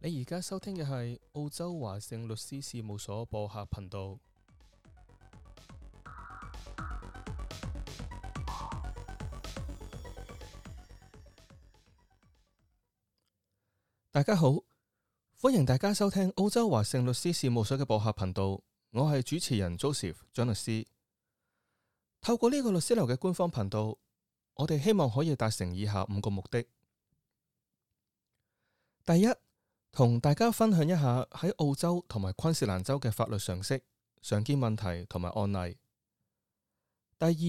你而家收聽嘅係澳洲華盛律師事務所播客頻道。大家好。歡迎大家收聽澳洲華盛律師事務所嘅博客頻道，我係主持人 Joseph 張律師。透過呢個律師樓嘅官方頻道，我哋希望可以達成以下五個目的：第一，同大家分享一下喺澳洲同埋昆士蘭州嘅法律常識、常見問題同埋案例；第二，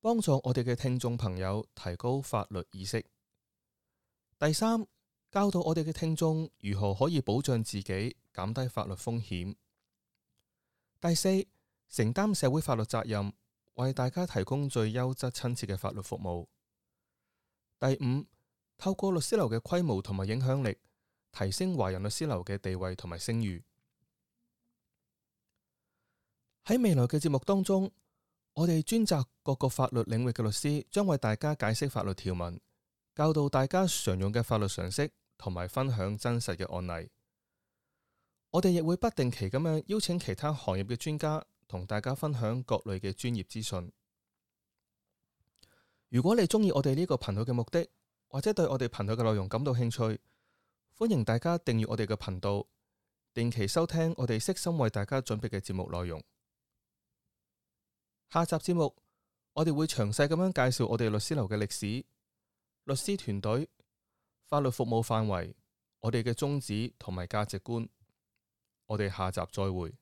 幫助我哋嘅聽眾朋友提高法律意識；第三。教導我哋嘅聽眾如何可以保障自己、減低法律風險。第四，承擔社會法律責任，為大家提供最優質、親切嘅法律服務。第五，透過律師樓嘅規模同埋影響力，提升華人律師樓嘅地位同埋聲譽。喺未來嘅節目當中，我哋專責各個法律領域嘅律師，將為大家解釋法律條文，教導大家常用嘅法律常識。同埋分享真實嘅案例，我哋亦會不定期咁樣邀請其他行業嘅專家，同大家分享各類嘅專業資訊。如果你中意我哋呢個頻道嘅目的，或者對我哋頻道嘅內容感到興趣，歡迎大家訂閱我哋嘅頻道，定期收聽我哋悉心為大家準備嘅節目內容。下集節目，我哋會詳細咁樣介紹我哋律師樓嘅歷史、律師團隊。法律服務範圍，我哋嘅宗旨同埋價值觀，我哋下集再會。